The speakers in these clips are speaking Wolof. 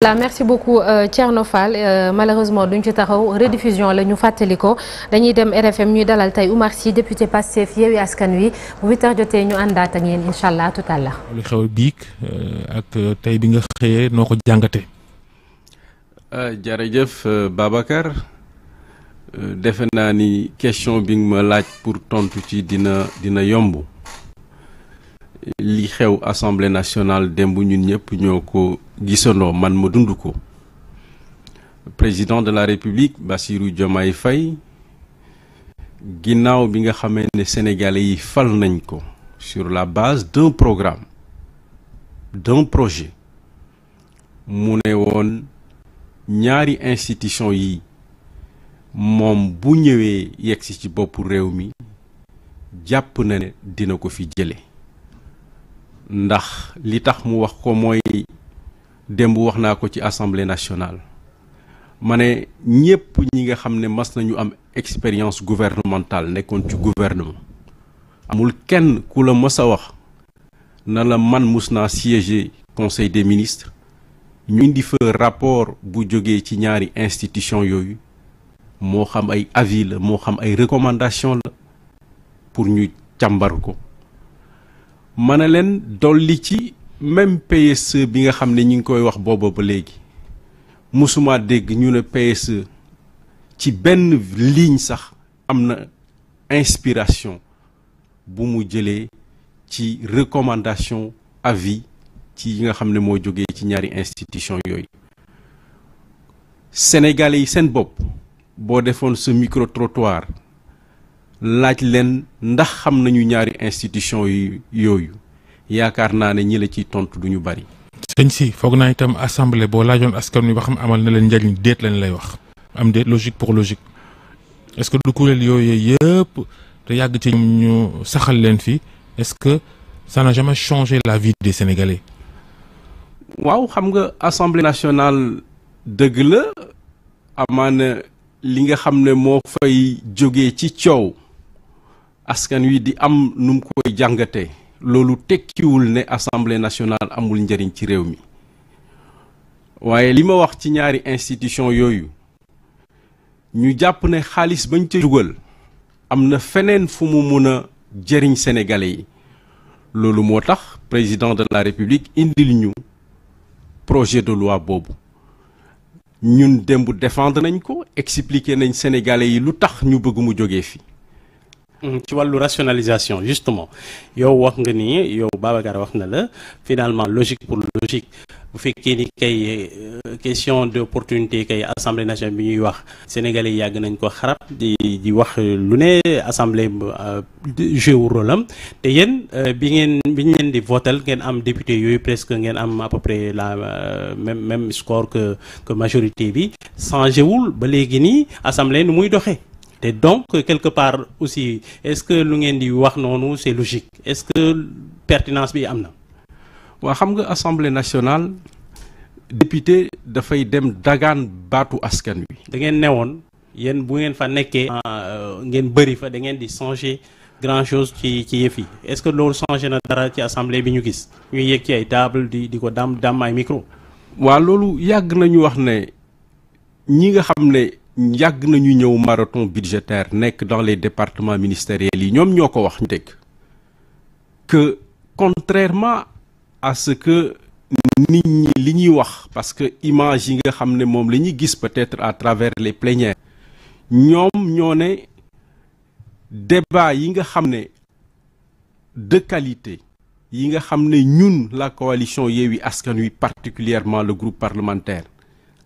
voilà merci beaucoup euh, Thierno Fall euh, malheureusement duñ ci taxaw rediffusion la ñu fàttali ko dañuy dem RFM ñuy dalal tey Oumar Sy député Pastef Yewwi Askan Wi bu 8 jotee ñu àndaat ak yéen incha allah tout à xew biig euh, ak tey bi nga xëyee noo ko jàngate jërëjëf Babacar defe naa ni question bi nga ma laaj pour tontu ci dina dina yomb. li xew assemblée nationale démb ñun ñëpp ñoo ko gisandoo man ma dund ko président de la république Bassirou Diomaye fay ginnaaw bi nga xamee ne sénégalais yi fal nañ ko sur la base d'un programme d'un projet mu ne woon ñaari institution yi moom bu ñëwee yegsi ci boppu réew mi jàpp na ne dina ko fi jële ndax li tax mu wax ko mooy démb wax naa ko ci assemblée nationale ma ne ñépp ñi nga xam ne mas nañu am expérience gouvernementale nekkoon ci gouvernement amul kenn ku la mës wax na la man mus naa siéger conseil des ministres ñu indi fa rapport bu jógee ci ñaari institution yooyu moo xam ay avis la moo xam ay recommandation la pour ñu càmbar ko mën a leen dolli ci même PSE bi nga xam ne ñu ngi koy wax booba ba léegi musuma dégg ñu ne PSE ci benn ligne sax am na inspiration bu mu jëlee ci recommandation avis ci yi nga xam ne moo jógee ci ñaari institution yooyu sénégalais yi seen bopp boo defoon sa micro trottoir laaj leen ndax xam nañu ñaari institution yi yooyu yaakaar naa ne ñi la ci tontu du ñu bari. sëñ si foog naa itam assemblée boo laajoon askan wi ba xam amal na leen njariñ déet lañ lay wax. am déet logique pour logique est-ce que du kuréel yooyu yëpp te yàgg ci ñu saxal leen fii est-ce que ça n'a jamais changé la vie des Sénégalais. waaw xam nga assemblée nationale dëgg la amaana li nga xam ne moo fay jóge ci coow. askan wi di am nu mu koy jàngatee loolu tekkiwul ne assemblée nationale amul njëriñ ci réew mi waaye li ma wax ci ñaari institution yooyu ñu jàpp ne xaalis bañ ca dugal am na feneen fu mu mun a jëriñ sénégalais yi loolu moo tax président de la république indil ñu projet de loi boobu ñun démb défendre nañ ko expliquer nañ sénégalais yi lu tax ñu bëgg mu jógee fii Mm, ci wàllu rationalisation justement yow wax nga nii yow Babacar wax na la finalement logique pour logique bu fekkee ni kay euh, question de d'opportunité kay assemblée nationale bi ñuy wax sénégalais yàgg nañ ko xarab di di wax lu ne assemblée euh, joué rôle am te yéen euh, bi ngeen bi ñu leen di votel ngeen am député yooyu presque ngeen am à peu près la même même score que que majorité bi changé wul ba léegi nii assemblée nu muy doxee. te donc quelque part aussi est-ce que lu ngeen di wax noonu c'est logique est-ce que pertinence bi am na. waa xam nga assemblée nationale député dafay dem dagaan baatu askan bi da ngeen newoon yéen bu ngeen fa nekkee. Ah, euh, ngeen bëri fa da ngeen di changer grand chose ci ci yëf yi est-ce que loolu changé na dara ci assemblée bi ñu gis ñuy yëg ci ay table di di ko dam dam ay micro. waa loolu yàgg nañu wax ne ñi nga xam ne. yàgg nañu ñëw marathon budgétaire nekk dans les départements ministériels yi ñoom ñoo ko wax ñu dégg que contrairement à ce que nit ñi li ñuy wax parce que image yi nga xam ne moom la ñuy gis peut-être à travers les plénières ñoom ñoo ne débat yi nga xam ne de qualité yi nga xam ne ñun la coalition Yewwi Askan Wi particulièrement le groupe parlementaire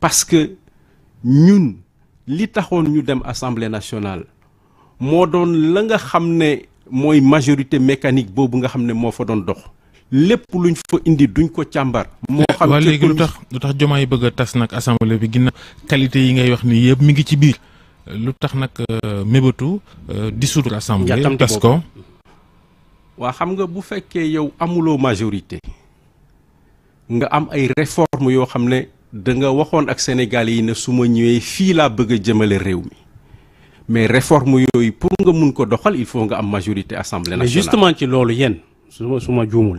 parce que ñun li taxoon ñu dem assemblée nationale moo doon la nga xam ne mooy majorité mécanique boobu nga xam ne moo fa doon dox lépp luñ fa indi duñ ko càmbar. moo eh, xam waa léegi lu tax lu tax yi bëgg a tas nag assemblée bi ginnaaw qualité yi ngay wax ni yëpp mi ngi ci biir lu tax nag euh, mébatu euh, dissoudre assemblée tas ko waa xam nga bu fekkee yow amuloo majorité nga am ay réformes yoo xam ne. da nga waxoon ak Sénégal yi ne su ma ñëwee fii laa bëgg a jëmale réew mi mais réforme yooyu pour nga mun ko doxal il faut nga am majorité assemblée nationale. mais justement ci loolu yéen su ma su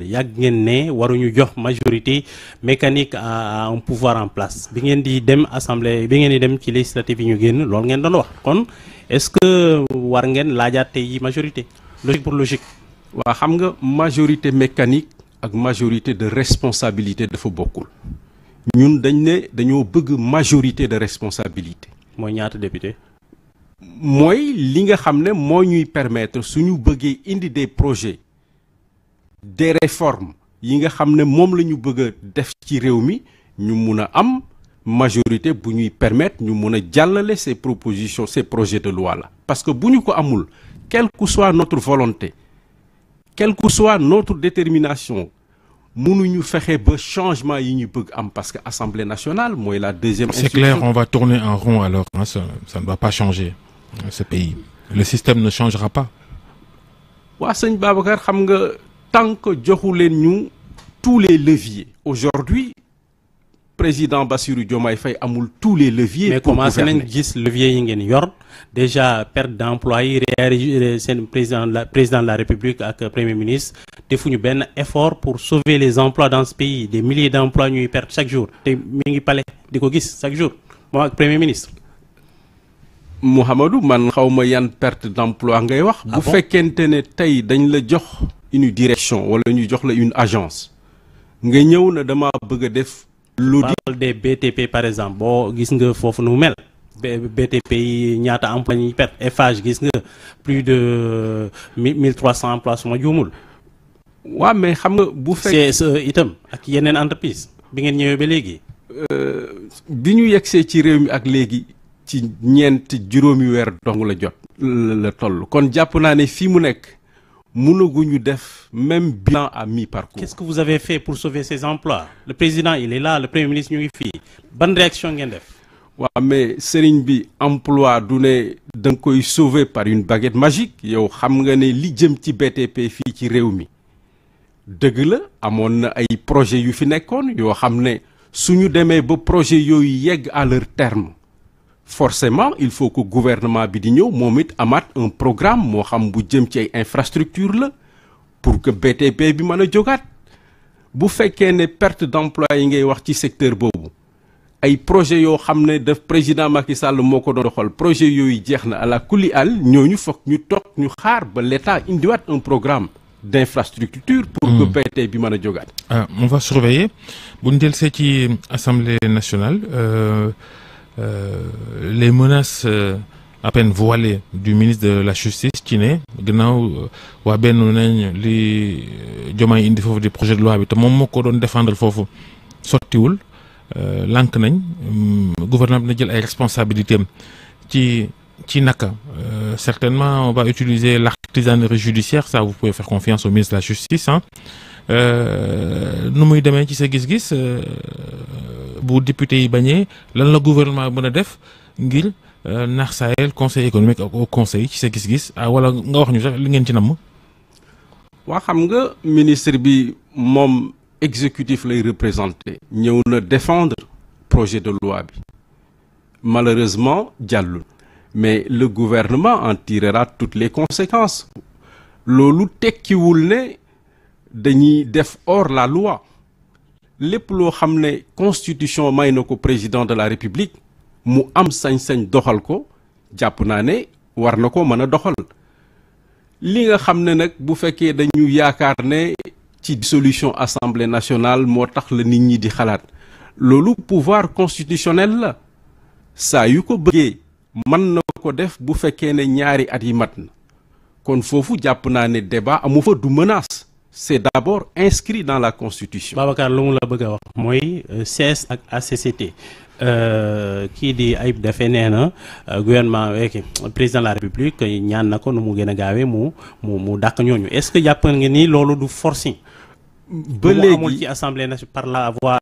yàgg ngeen ne waruñu jox majorité mécanique à un pouvoir en place bi ngeen di dem assemblée bi ngeen di dem ci législative yi ñu génn loolu ngeen doon wax kon est-ce que war ngeen laajaate yi majorité logique pour logique. waa xam nga majorité mécanique ak majorité de responsabilité dafa bokkul. ñun dañ ne dañoo bëgg majorité de responsabilité. mooy ñaata député. mooy li nga xam ne moo ñuy permettre suñu bëggee indi des projets des réformes yi nga xam ne moom la ñu bëgg a def ci réew mi ñu mun a am majorité bu ñuy permettre ñu mun a jàllale ces propositions ces projets de loi là. parce que bu ñu ko amul quelle que soit notre volonté quel que soit notre détermination. mënuñu fexe ba changement yi ñu bëgg am parce que assemblée nationale mooy la deuxième. c'est clair on va tourner en rond alors hein, ça, ça ne va pas changer ce pays le système ne changera pas. waa sëñ Babacar xam nga tant que joxu leen ñu tous les leviers aujourd'hui président Bassirou Diomaye fay amul tous les leviers. mais commencé nañ gis leviers yi ngeen yor déjà perte d'emploi yi réer euh, seen président la président de la république ak premier ministre defuñu benn effort pour sauver les emplois dans ce pays des milliers d'emplois ñuy perte chaque jour te mi ngi pale di ko gis chaque jour moom ak premier ministre. Mouhamadou man xawma ma yan perte d'emploi ngay wax. Ah bu fekkente ne tey dañ la jox une direction wala ñu jox la une agence nga ñëw na dama bëgg a def. lu di parle BTP par exemple boo gis nga foofu nu mel BTP yi ñaata emploi ñuy perte Eiffage gis nga plus de mille trois cent emplois su ma juumul waaw mais xam nga bu fekkee CSE itam ak yeneen entreprise bi ngeen ñëwee ba léegi euh, bi ñu yegsee ci réew mi ak léegi ci ñeent juróomi weer dong la jot la toll kon jàpp naa ne fii mu nekk ñu def même bilan à mi-parcours. qu'est-ce que vous avez fait pour sauver ces emplois le président il est là le premier ministre ñu ngi fii ban réaction ngeen def. waaw mais sëriñ bi emploi du ne da nga koy sauver par une bagget magique yow xam nga ne li jëm ci BTP fii ci réew mi dëgg la amoon na ay projet yu fi nekkoon yoo xam ne su ñu demee ba projet yooyu yegg à leur terme. forcément il faut que gouvernement bi di ñëw moom it amaat un programme moo xam bu jëm ci ay infrastructure la pour que BTP bi mën a jogaat bu fekkee ne perte d'emploi yi ngay wax ci secteur boobu ay projet yoo xam ne daf président Macky Sall moo ko doon doxal projet yooyu jeex na à la kuli al ñooñu foog ñu toog ñu xaar ba l'État indiwaat un programme d'infrastructure pour que hmm. BT bi mën a jógaat. Ah, on fa surveiller bu ñu dellusee ci assemblée nationale. Euh, Euh, les menaces euh, à peine voilées du ministre de la justice ci ne gannaaw euh, waa benn nañ li Diomaye indi foofu di projet de loi bi te moom moo ko doon défendre foofu sottiwul lank nañ mm, gouvernement bi na jël ay responsabilités ci ci naka certainement on va utiliser l'artisanerie judiciaire ça vous pouvez faire confiance au ministre de la justice nu muy demee ci sa gis-gis bu député yi bañee lan la gouvernement mën a def ngir euh, naax saayel conseil économique ak au conseil ci sa gis-gis ah, wala nga wax ñu sax li ngeen ci namm. waa xam nga ministre bi moom exécutif lay représenté. ñëw na défendre projet de loi bi malheureusement jàllul mais le gouvernement en tirera toutes les conséquences loolu tekkiwul ne dañuy def hors la loi. lépp loo xam ne constitution may na ko président de la république mu am sañ-sañ doxal ko jàpp naa ne war na ko mën a doxal li nga xam ne nag bu fekkee dañu yaakaar ne ci dissolution assemblée nationale moo tax la nit ñi di xalaat loolu pouvoir constitutionnel la saa yu ko bëggee mën na ko def bu fekkee ne ñaari at yi mat na kon foofu jàpp naa ne débat amu fa du menace c'est d'abord inscrit dans la constitution. Babacar lu mu la bëgg wax mooy CS euh, ak ACCT euh, kii di ay Daffé nee na euh, gouvernement weeki président de la république ñaan na ko nu mu gën a gaawee mu mu mu dàq ñooñu est-ce que jàpp nga nii loolu du forcing ba léegi amul ci assemblée par la voie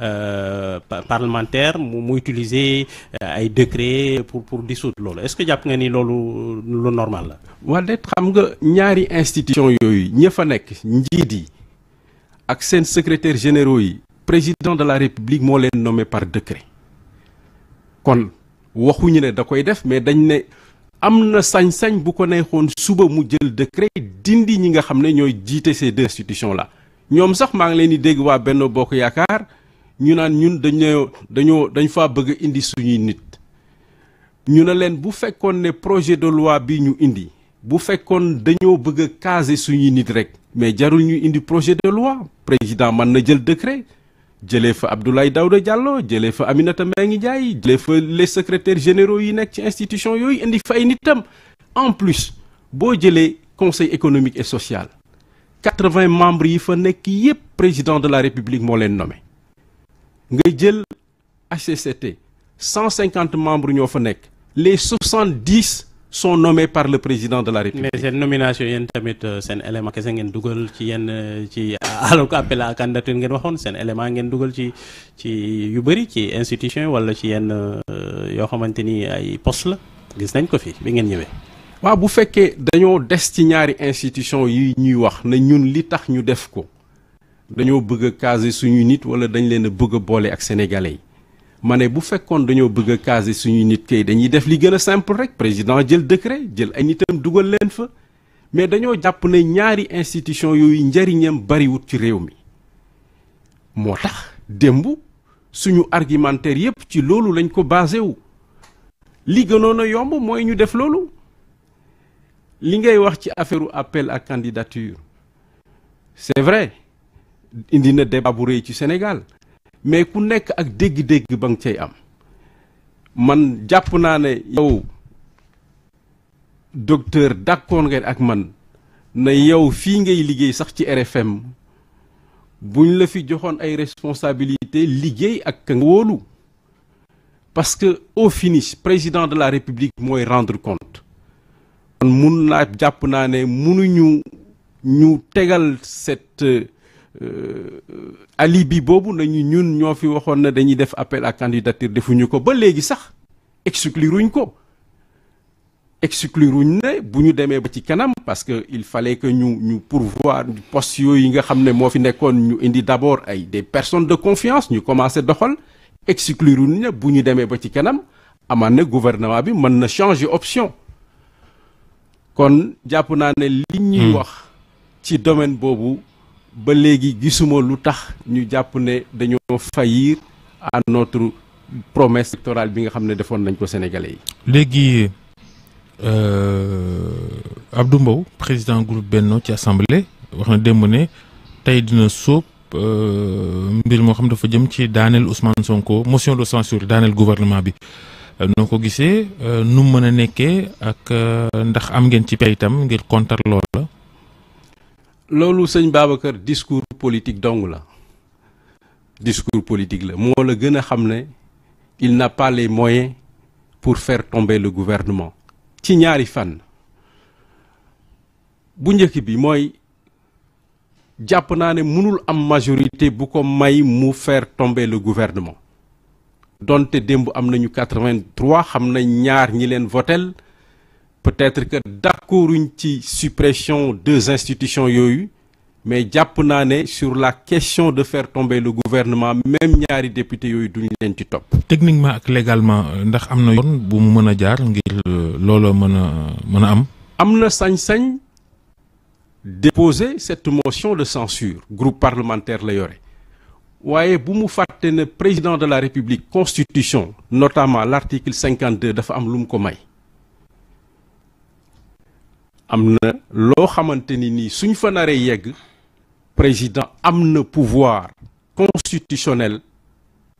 euh, parlementaire mu utiliser euh, ay décret pour di dissoudre loolu est-ce que jàpp nga nii loolu lu normal la. wala xam nga ñaari institution yooyu ña fa nekk njiit yi ak seen secretaire généraux yi président de la république moo leen nommé par décret kon waxuñu ne da koy def mais dañ ne. am na sañ-sañ bu ko neexoon suba mu jël décret dindi ñi nga xam ne ñooy jiite ces deux institutions là ñoom sax maa ngi leen di dégg waa Benno Bokk Yaakaar ñu naan ñun dañu dañoo dañ faa bëgg indi suñuy nit ñu ne leen bu fekkoon ne projet de loi bi ñu indi bu fekkoon dañoo bëgg a caser suñuy nit rek mais jarul ñu indi projet de loi président mën na jël décret jëlee fa Abdoulaye Daouda jàlloo jëlee fa Aminata ngi Ndiaye jëlee fa les secrétaires généraux yi nekk ci institution yooyu indi fa ay nitam en plus boo jëlee conseil économique et social quatre-vingts membres yi fa nekk yépp président de la république moo leen nommé nga jël HCCT cent cinquante membres ñoo fa nekk les soixante-dix sont nommés par le président de la République. mais seen nomination yéen tamit euh, seen élément kese ngeen dugal ci yenn euh, ci alors que appel à candidature ngeen waxoon seen élément ngeen dugal ci ci yu bëri ci institution walla ci yenn euh, yoo xamante ni ay poste la gis nañ ko fi bi ngeen ñëwee. waaw bu fekkee dañoo des ci ñaari institution yi ñuy wax ne ñun li tax ñu def ko dañoo bëgg a caser suñu nit wala dañ leen a bëgg a boole ak sénégalais yi ma bu fekkoon dañoo bëgg a caser suñu nit kay dañuy def li gën a simple rek président jël décret jël ay nitam dugal leen fa mais dañoo jàpp ne ñaari institution yooyu njariñam bariwut ci réew mi moo tax démb suñu argumentaire yépp ci loolu lañ ko basé wu li gënoon a yomb mooy ñu def loolu li ngay wax ci affaire appel ak candidature c'est vrai indi na débat bu rëy ci Sénégal mais ku nekk ak dégg-dégg ba nga cay am man jàpp naa ne yow docteur d'accord ngeen ak man na yow fii ngay liggéey sax ci RFM buñ la fi joxoon ay responsabilité liggéey ak ka nga wóolu parce que au finish président de la République mooy rendre compte kon mun naa jàpp naa ne munuñu ñu tegal cette euh, euh, alibi boobu nañu ñun ñoo fi waxoon na dañuy def appel à candidature defuñu ko ba léegi sax excluruñ ko excluruñ ne bu ñu demee ba ci kanam parce que il fallait que ñu ñu pourvoir poste yooyu yi nga xam ne moo fi nekkoon ñu indi d'abord ay des personnes de confiance ñu commencé doxal excluruñ ne bu ñu demee ba ci kanam amaan na gouvernement bi mën na changer option kon jàpp naa ne li ñuy hmm. wax ci domaine boobu ba léegi gisuma lu tax ñu jàpp ne dañoo faillir à notre promesse électorale bi nga xam ne defoon nañ ko Sénégalais yi. léegi euh, Abdou Mbow président groupe Benno ci assemblée wax na démb ne tey dina sóob euh, mbir moo xam dafa jëm ci daaneel Ousmane Sonko motion de censure daaneel gouvernement bi. Euh, no ko gisee euh, nu mu mën a nekkee ak euh, ndax am ngeen ci pexe itam ngir kontar loola. loolu sëñ kër discours politique dong la discours politique la moo la gën a xam ne il n'a pas les moyens pour faire tomber le gouvernement. ci ñaari fan bu njëkk bi mooy jàpp naa ne mënul am majorité bu ko may mu faire tomber le gouvernement. donte démb am nañu 83 xam nañ ñaar ñi leen votel peut-être que d'accorduñ ci suppression deux institutions yooyu mais jàpp naa ne sur la question de faire tomber le gouvernement même ñaari député yooyu duñ leen ci topp. techniquement ak légalement ndax am na yoon bu mu mën a jaar ngir euh, looloo mën a mën a am. am na sañ-sañ déposer cette motion de censure groupe parlementaire la yore. waaye bu mu fàtte ne président de la république constitution notament l'article cinquante deux dafa am lu mu ko may am na loo xamante ni nii suñ fa naree yegg président am na pouvoir constitutionnel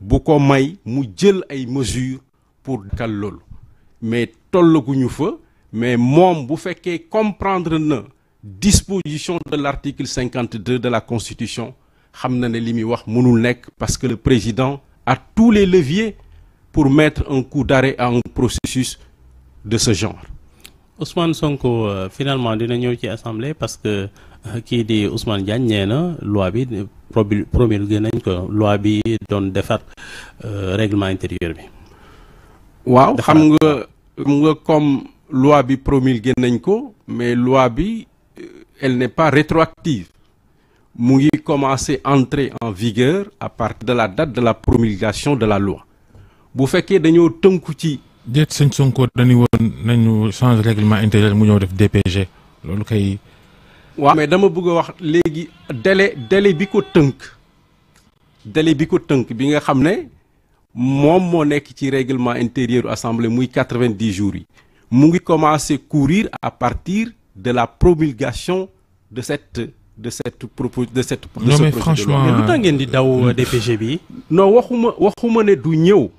bu ko may mu jël ay mesures pour dakkal loolu mais tollaguñu fa mais moom bu fekkee comprendre na disposition de l'article cinquante deux de la constitution xam na ne li muy wax mënul nekk parce que le président a tous les leviers pour mettre un coup d'arrêt à un processus de ce genre Ousmane Sonko euh, finalement dina ñëw ci assemblée parce que euh, kii di Ousmane Diagne na loi bi euh, promulgué nañ ko loi bi doon defar règlement intérieur bi waaw xam nga xam nga comme loi bi promulgué nañ ko mais loi bi elle n'est pas rétroactive mu ngi commencer entrer en vigueur à partir de la date de la promulgation de la loi bu fekkee dañoo tënku ci. déet sëñ Sonko dañu woon nañu change règlement intérieur mu ñëw def DPG loolu kay. waaw mais dama bëgg a wax léegi délai délai bi ko tënk délai bi ko tënk bi nga xam ne moom moo nekk ci règlement intérieur assemblée muy quatre-vingt-dix jours yi mu ngi commencer courir à partir de la promulgation de cette. de cette propos de cette. De non mais franchement mais lu tax ngeen di euh, daw euh, DPG bi. non waxuma waxuma ne du ñëw.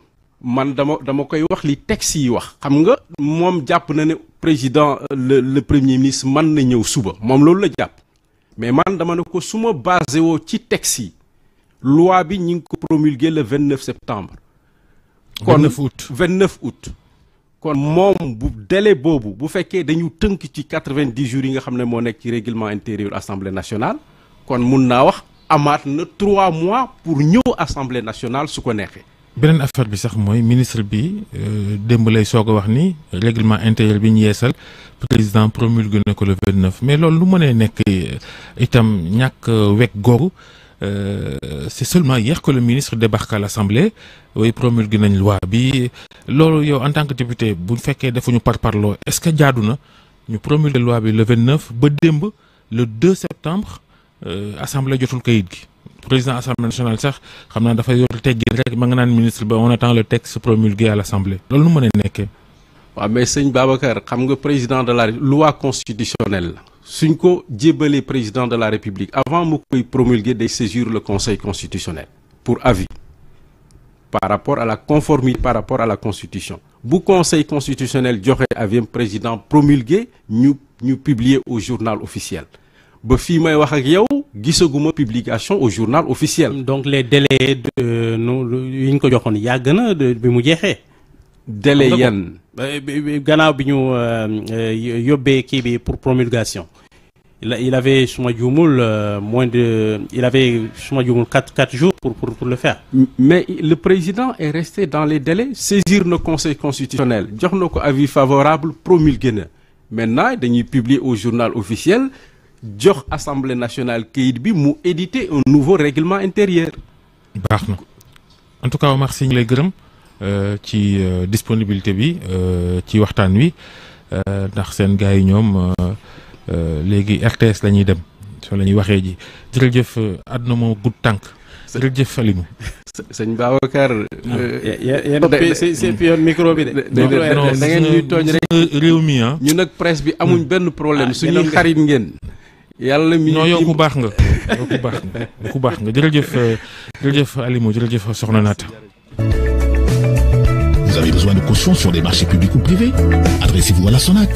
man dama dama koy wax li texte yi wax. xam nga moom jàpp na ne président le le premier ministre man na ñëw suba moom loolu la jàpp. mais man dama ne ko suma ma woo ci texte yi. loi bi ñu ngi ko promulgué le vingt neuf septembre. kon vingt neuf août vingt neuf août. kon moom bu dele boobu bu fekkee dañu tënk ci quatre-vingt-dix jours yi nga xam ne moo nekk ci règlement intérieur assemblée nationale kon mun naa wax amaat na trois mois pour ñëw assemblée nationale su ko neexee. beneen affaire bi sax mooy ministre bi euh, démb lay soog a wax ni règlement intérieur bi ñu yeesal président promulgué na ko le vingt-neuf mais loolu lu mënee nekk euh, itam ñàkk euh, wekk googu. Euh, c'est seulement hier que le ministre débarque à l'Assemblée way promulgué nañ loi bi loolu yow en tant que député bu fekkee defuñu par parloo est-ce que jaadu na ñu promulgué loi bi le 29 ba démb le 2 septembre euh, assemblée jotul kayit gi président assemblée nationale sax xam naa dafa yor teggin rek ma nga naan ministre ba on attend le texte promulgué à l'Assemblée loolu nu mën a nekkee. waaw mais sëñ Babacar xam nga président de la loi la suñ ko jébbalee président de la république avant mu koy promulguer day saisir le conseil constitutionnel pour avis par rapport à la conformité par rapport à la constitution bu conseil constitutionnel joxe avis président promulguer ñu ñu publier au journal officiel ba fii may wax ak yow gisaguma publication au journal officiel. donc les délais de nu yi ñu ko joxoon yàgg na bi mu jeexee. délai yan gannaaw bi ñu euh, yobbee kii bi pour promulgation il avait suma juumul euh, moins de il avait suma quatre quatre jours pour pour pour le faire mais le président est resté dans les délais saisir na conseil constitutionnel jox na ko avis favorable promulgué na maintenant dañuy publier au journal officiel jox assemblée nationale kayit bi mu éditer un nouveau règlement intérieur baax na en tout cas Omar lay gërëm Euh, ci euh, disponibilité bi euh, ci waxtaan wi ndax seen gars yi ñoom léegi RTS la ñuy dem soo la ñuy waxee ji jërëjëf àdduna moo gudd tànk jërëjëf Salimou. sëñ Babacar. yéen yéen micro bi de. da rek réew mi ah. ñu nag presse bi amuñ hmm. benn problème ah, suñuy xarit ngeen. yàlla mi non yow ku baax nga yow ku baax nga ku baax nga jërëjëf jërëjëf Alimo jërëjëf Soxna Naata. Vous avez besoin de caution sur des marchés publics ou privés Adressez-vous à la SONAC.